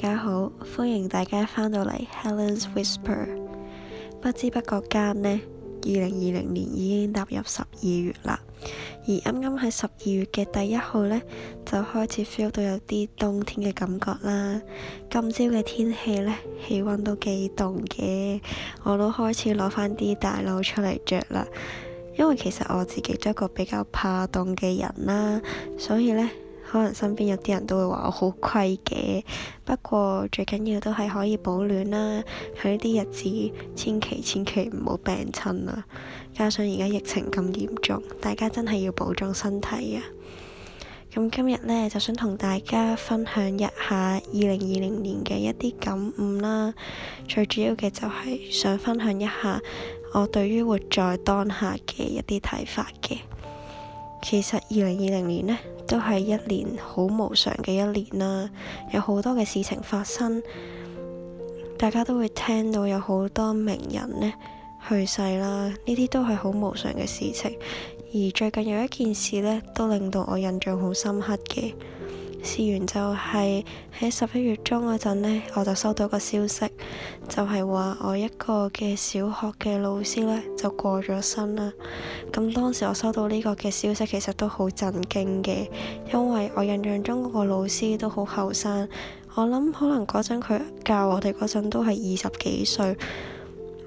大家好，歡迎大家翻到嚟 Helen's Whisper。不知不覺間呢，二零二零年已經踏入十二月啦。而啱啱喺十二月嘅第一號呢，就開始 feel 到有啲冬天嘅感覺啦。今朝嘅天氣呢，氣溫都幾凍嘅，我都開始攞翻啲大褸出嚟着啦。因為其實我自己都係一個比較怕凍嘅人啦，所以呢。可能身邊有啲人都會話我好虧嘅，不過最緊要都係可以保暖啦。喺呢啲日子，千祈千祈唔好病親啊。加上而家疫情咁嚴重，大家真係要保重身體啊！咁今日呢，就想同大家分享一下二零二零年嘅一啲感悟啦。最主要嘅就係想分享一下我對於活在當下嘅一啲睇法嘅。其實二零二零年呢，都係一年好無常嘅一年啦，有好多嘅事情發生，大家都會聽到有好多名人呢去世啦，呢啲都係好無常嘅事情。而最近有一件事呢，都令到我印象好深刻嘅。試完就係喺十一月中嗰陣呢，我就收到個消息，就係話我一個嘅小學嘅老師呢就過咗身啦。咁當時我收到呢個嘅消息，其實都好震驚嘅，因為我印象中嗰個老師都好後生，我諗可能嗰陣佢教我哋嗰陣都係二十幾歲，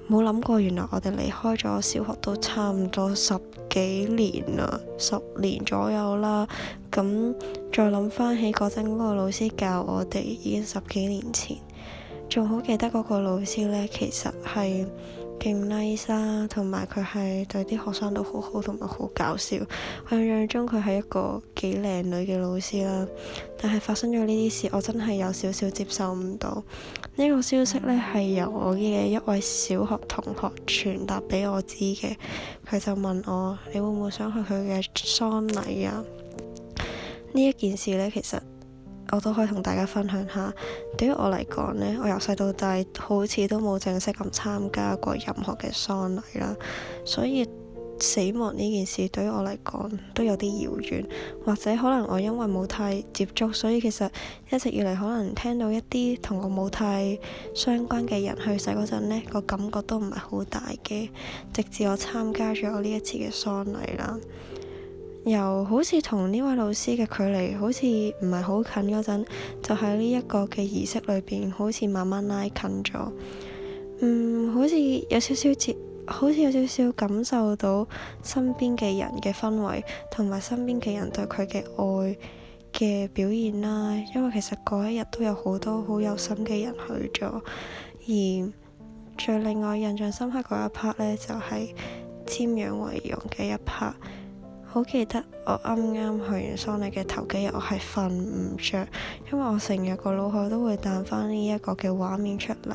冇諗過原來我哋離開咗小學都差唔多十幾年啦，十年左右啦，咁。再諗翻起嗰陣嗰個老師教我哋已經十幾年前，仲好記得嗰個老師呢，其實係勁 nice 啦，同埋佢係對啲學生都好好，同埋好搞笑。我印象中佢係一個幾靚女嘅老師啦，但係發生咗呢啲事，我真係有少少接受唔到。呢、呢個消息呢，係由我嘅一位小學同學傳達俾我知嘅，佢就問我：你會唔會想去佢嘅喪禮啊？呢一件事呢，其實我都可以同大家分享下。對於我嚟講呢，我由細到大好似都冇正式咁參加過任何嘅喪禮啦，所以死亡呢件事對於我嚟講都有啲遙遠，或者可能我因為冇太接觸，所以其實一直以嚟可能聽到一啲同我冇太相關嘅人去世嗰陣呢，個感覺都唔係好大嘅，直至我參加咗呢一次嘅喪禮啦。由好似同呢位老師嘅距離好似唔係好近嗰陣，就喺呢一個嘅儀式裏邊，好似慢慢拉近咗。嗯，好似有少少接，好似有少少感受到身邊嘅人嘅氛圍，同埋身邊嘅人對佢嘅愛嘅表現啦。因為其實嗰一日都有好多好有心嘅人去咗，而最令我印象深刻嗰一 part 呢，就係瞻仰遺容嘅一 part。好記得我啱啱去完喪禮嘅頭幾日，我係瞓唔着，因為我成日個腦海都會彈翻呢一個嘅畫面出嚟。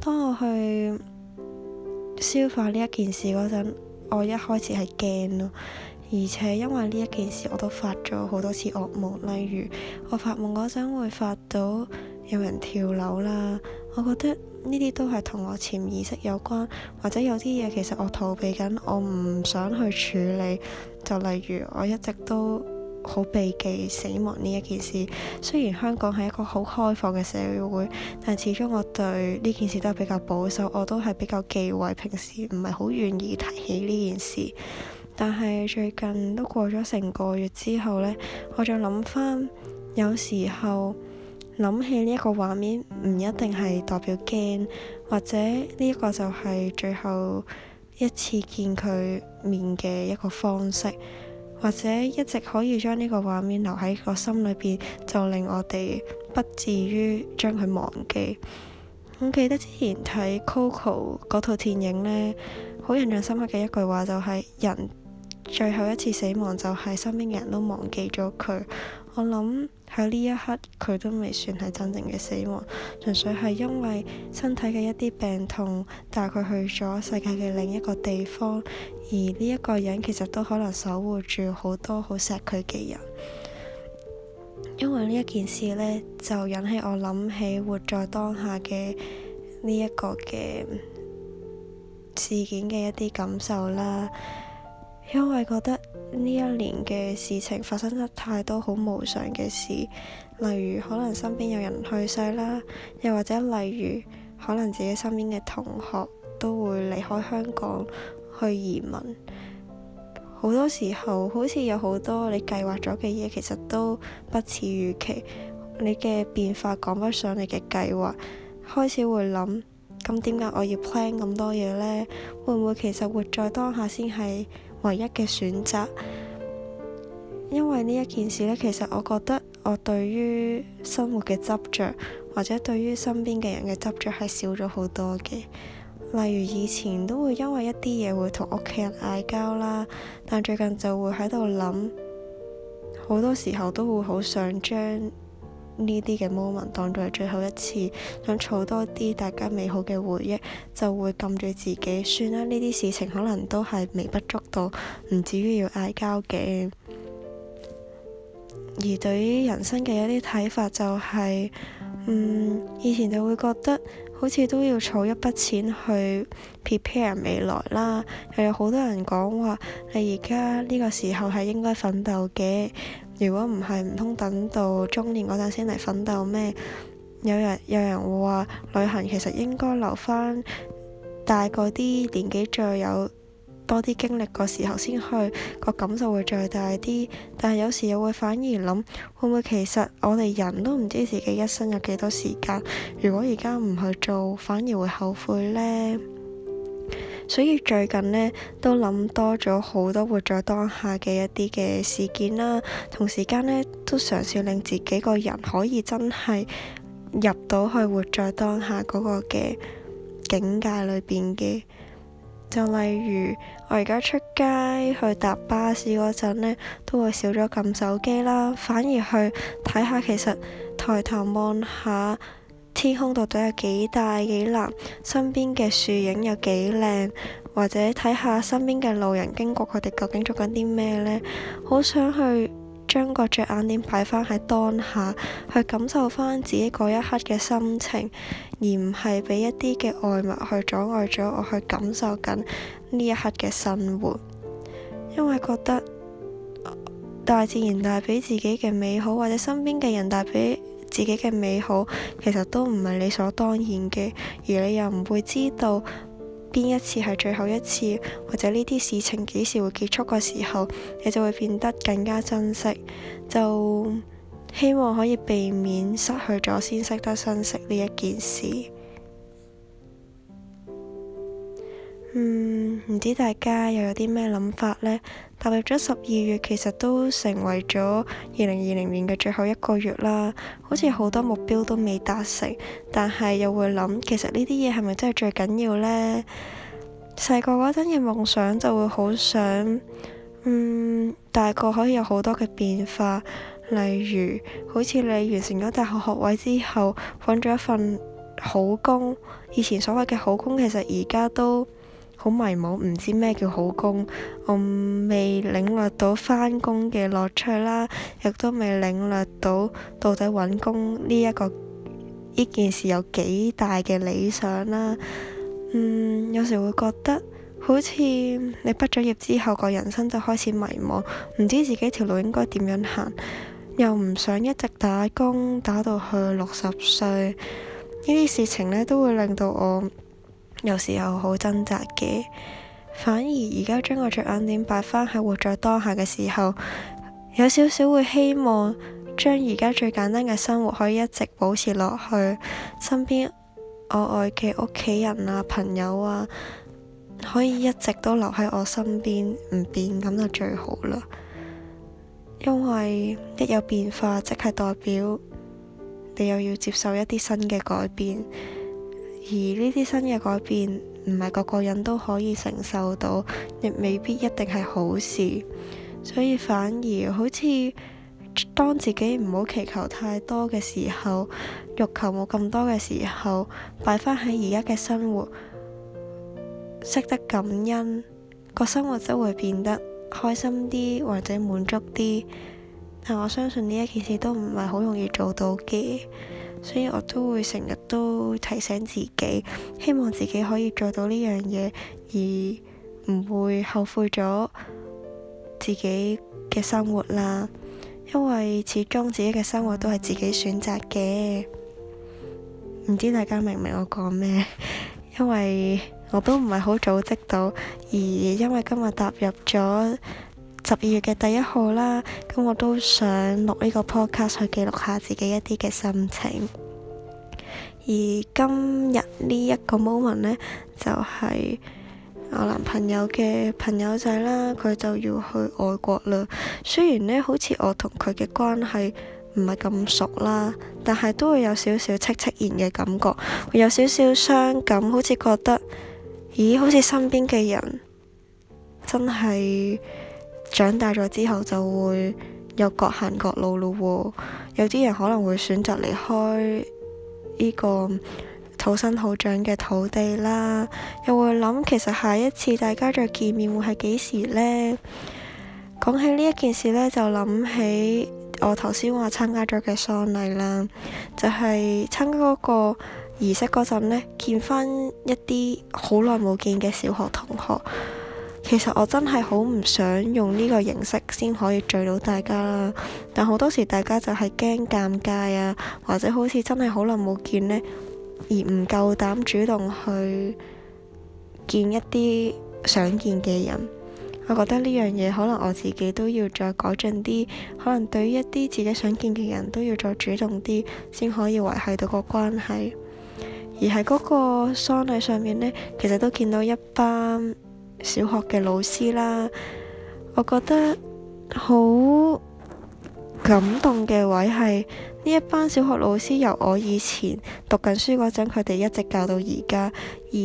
當我去消化呢一件事嗰陣，我一開始係驚咯，而且因為呢一件事，我都發咗好多次噩夢。例如我發夢嗰陣會發到有人跳樓啦，我覺得呢啲都係同我潛意識有關，或者有啲嘢其實我逃避緊，我唔想去處理。就例如我一直都好避忌死亡呢一件事，雖然香港係一個好開放嘅社會，但始終我對呢件事都係比較保守，我都係比較忌諱，平時唔係好願意提起呢件事。但係最近都過咗成個月之後咧，我就諗翻，有時候諗起呢一個畫面，唔一定係代表驚，或者呢一個就係最後一次見佢面嘅一個方式，或者一直可以將呢個畫面留喺個心裏邊，就令我哋不至於將佢忘記。我記得之前睇 Coco 嗰套電影咧，好印象深刻嘅一句話就係：人最後一次死亡就係身邊嘅人都忘記咗佢。我諗喺呢一刻佢都未算係真正嘅死亡，純粹係因為身體嘅一啲病痛，帶佢去咗世界嘅另一個地方，而呢一個人其實都可能守護住好多好錫佢嘅人，因為呢一件事呢，就引起我諗起活在當下嘅呢一個嘅事件嘅一啲感受啦。因為覺得呢一年嘅事情發生得太多好無常嘅事，例如可能身邊有人去世啦，又或者例如可能自己身邊嘅同學都會離開香港去移民。好多時候，好似有好多你計劃咗嘅嘢，其實都不似預期。你嘅變化趕不上你嘅計劃，開始會諗咁點解我要 plan 咁多嘢呢？會唔會其實活在當下先係唯一嘅選擇，因為呢一件事呢，其實我覺得我對於生活嘅執着，或者對於身邊嘅人嘅執着係少咗好多嘅。例如以前都會因為一啲嘢會同屋企人嗌交啦，但最近就會喺度諗，好多時候都會好想將呢啲嘅 moment 當作係最後一次，想儲多啲大家美好嘅回憶，就會撳住自己，算啦。呢啲事情可能都係微不足道，唔至於要嗌交嘅。而對於人生嘅一啲睇法，就係，就、嗯、係，以前就會覺得好似都要儲一筆錢去 prepare 未來啦。又有好多人講話，你而家呢個時候係應該奮鬥嘅。如果唔係唔通等到中年嗰陣先嚟奮鬥咩？有人有人會話旅行其實應該留返大個啲年紀再有多啲經歷個時候先去，個感受會再大啲。但係有時又會反而諗，會唔會其實我哋人都唔知自己一生有幾多時間？如果而家唔去做，反而會後悔呢？所以最近呢，都諗多咗好多活在當下嘅一啲嘅事件啦，同時間呢，都嘗試令自己個人可以真係入到去活在當下嗰個嘅境界裏邊嘅。就例如我而家出街去搭巴士嗰陣呢，都會少咗撳手機啦，反而去睇下其實抬頭望下。天空到底有幾大幾藍，身邊嘅樹影有幾靚，或者睇下身邊嘅路人經過，佢哋究竟做緊啲咩呢？好想去將個着眼點擺翻喺當下，去感受翻自己嗰一刻嘅心情，而唔係俾一啲嘅外物去阻礙咗我去感受緊呢一刻嘅生活。因為覺得大自然帶俾自己嘅美好，或者身邊嘅人帶俾自己嘅美好，其實都唔係理所當然嘅，而你又唔會知道邊一次係最後一次，或者呢啲事情幾時會結束嘅時候，你就會變得更加珍惜，就希望可以避免失去咗先識得珍惜呢一件事。嗯，唔知大家又有啲咩諗法呢？踏入咗十二月，其實都成為咗二零二零年嘅最後一個月啦。好似好多目標都未達成，但係又會諗，其實呢啲嘢係咪真係最緊要呢？細個嗰陣嘅夢想就會好想，嗯，大個可以有好多嘅變化，例如好似你完成咗大學學位之後，揾咗一份好工，以前所謂嘅好工，其實而家都。好迷茫，唔知咩叫好工，我未領略到返工嘅樂趣啦，亦都未領略到到底揾工呢一個呢件事有幾大嘅理想啦。嗯，有時會覺得好似你畢咗業之後，個人生就開始迷茫，唔知自己條路應該點樣行，又唔想一直打工打到去六十歲，呢啲事情咧都會令到我。有時候好掙扎嘅，反而而家將我着眼點擺翻喺活在當下嘅時候，有少少會希望將而家最簡單嘅生活可以一直保持落去，身邊我愛嘅屋企人啊、朋友啊，可以一直都留喺我身邊，唔變咁就最好啦。因為一有變化，即係代表你又要接受一啲新嘅改變。而呢啲新嘅改變，唔係個個人都可以承受到，亦未必一定係好事。所以反而好似當自己唔好祈求太多嘅時候，欲求冇咁多嘅時候，擺返喺而家嘅生活，識得感恩，個生活就會變得開心啲或者滿足啲。但我相信呢一件事都唔係好容易做到嘅，所以我都會成日都提醒自己，希望自己可以做到呢樣嘢，而唔會後悔咗自己嘅生活啦。因為始終自己嘅生活都係自己選擇嘅，唔知大家明唔明我講咩？因為我都唔係好組織到，而因為今日踏入咗。十二月嘅第一號啦，咁我都想錄呢個 podcast 去記錄下自己一啲嘅心情。而今日呢一個 moment 呢，就係我男朋友嘅朋友仔啦，佢就要去外國啦。雖然呢好似我同佢嘅關係唔係咁熟啦，但係都會有少少戚戚然嘅感覺，會有少少傷感，好似覺得，咦，好似身邊嘅人真係～長大咗之後就會有各行各路咯喎、哦，有啲人可能會選擇離開呢個土生土長嘅土地啦，又會諗其實下一次大家再見面會係幾時呢？講起呢一件事呢，就諗起我頭先話參加咗嘅喪禮啦，就係、係、參加嗰個儀式嗰陣呢，見翻一啲好耐冇見嘅小學同學。其實我真係好唔想用呢個形式先可以聚到大家啦，但好多時大家就係驚尷尬啊，或者好似真係好耐冇見呢，而唔夠膽主動去見一啲想見嘅人。我覺得呢樣嘢可能我自己都要再改進啲，可能對於一啲自己想見嘅人都要再主動啲，先可以維係到個關係。而喺嗰個喪禮上面呢，其實都見到一班小學嘅老師啦，我覺得好感動嘅位係呢一班小學老師由我以前讀緊書嗰陣佢哋一直教到而家，而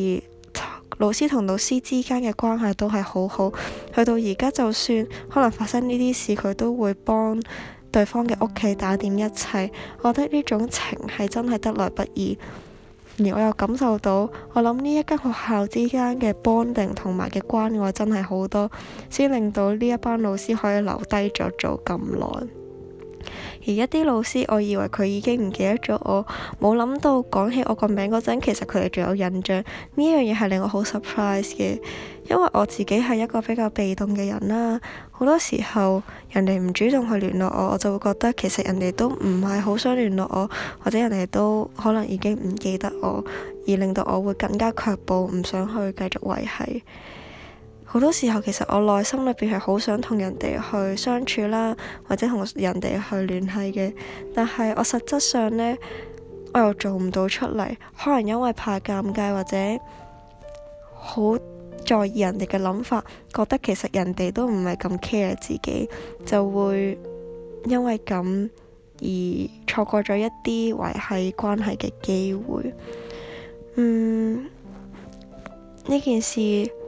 老師同老師之間嘅關係都係好好，去到而家就算可能發生呢啲事佢都會幫對方嘅屋企打點一切，我覺得呢種情係真係得來不易。而我又感受到，我諗呢一間學校之間嘅 bonding 同埋嘅關愛真係好多，先令到呢一班老師可以留低咗做咁耐。而一啲老師，我以為佢已經唔記得咗我，冇諗到講起我個名嗰陣，其實佢哋仲有印象。呢樣嘢係令我好 surprise 嘅。因為我自己係一個比較被動嘅人啦，好多時候人哋唔主動去聯絡我，我就會覺得其實人哋都唔係好想聯絡我，或者人哋都可能已經唔記得我，而令到我會更加卻步，唔想去繼續維係。好多時候其實我內心裏邊係好想同人哋去相處啦，或者同人哋去聯繫嘅，但係我實質上呢，我又做唔到出嚟，可能因為怕尷尬或者好在意人哋嘅諗法，覺得其實人哋都唔係咁 care 自己，就會因為咁而錯過咗一啲維繫關係嘅機會。嗯，呢件事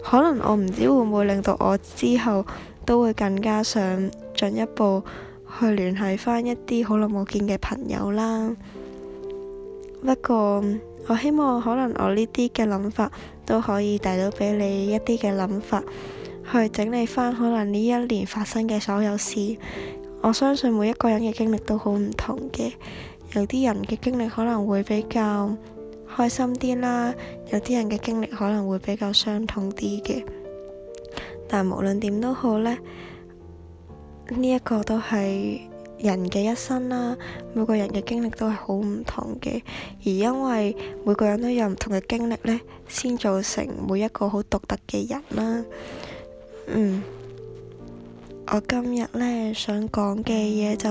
可能我唔知會唔會令到我之後都會更加想進一步去聯繫返一啲好耐冇見嘅朋友啦。不過我希望可能我呢啲嘅諗法。都可以帶到俾你一啲嘅諗法，去整理翻可能呢一年發生嘅所有事。我相信每一個人嘅經歷都好唔同嘅，有啲人嘅經歷可能會比較開心啲啦，有啲人嘅經歷可能會比較傷痛啲嘅。但無論點都好，呢呢一個都係。人嘅一生啦、啊，每個人嘅經歷都係好唔同嘅，而因為每個人都有唔同嘅經歷呢，先造成每一個好獨特嘅人啦、啊。嗯，我今日呢想講嘅嘢就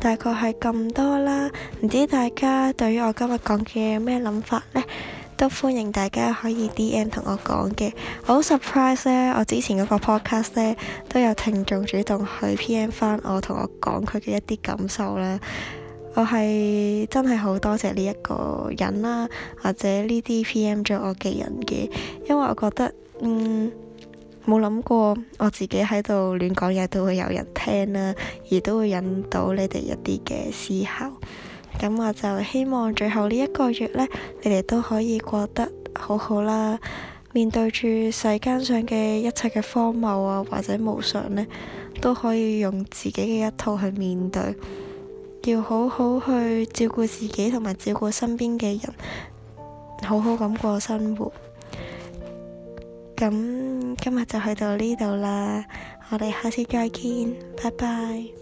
大概係咁多啦，唔知大家對於我今日講嘅嘢有咩諗法呢？都歡迎大家可以 D M 同我講嘅，我好 surprise 咧！我之前嗰個 podcast 咧，都有聽眾主動去 P M 返我，同我講佢嘅一啲感受啦。我係真係好多謝呢一個人啦、啊，或者呢啲 P M 咗我嘅人嘅，因為我覺得，嗯，冇諗過我自己喺度亂講嘢都會有人聽啦、啊，而都會引到你哋一啲嘅思考。咁我就希望最後呢一個月呢，你哋都可以過得好好啦。面對住世間上嘅一切嘅荒謬啊，或者無常呢，都可以用自己嘅一套去面對。要好好去照顧自己同埋照顧身邊嘅人，好好咁過生活。咁今日就去到呢度啦，我哋下次再見，拜拜。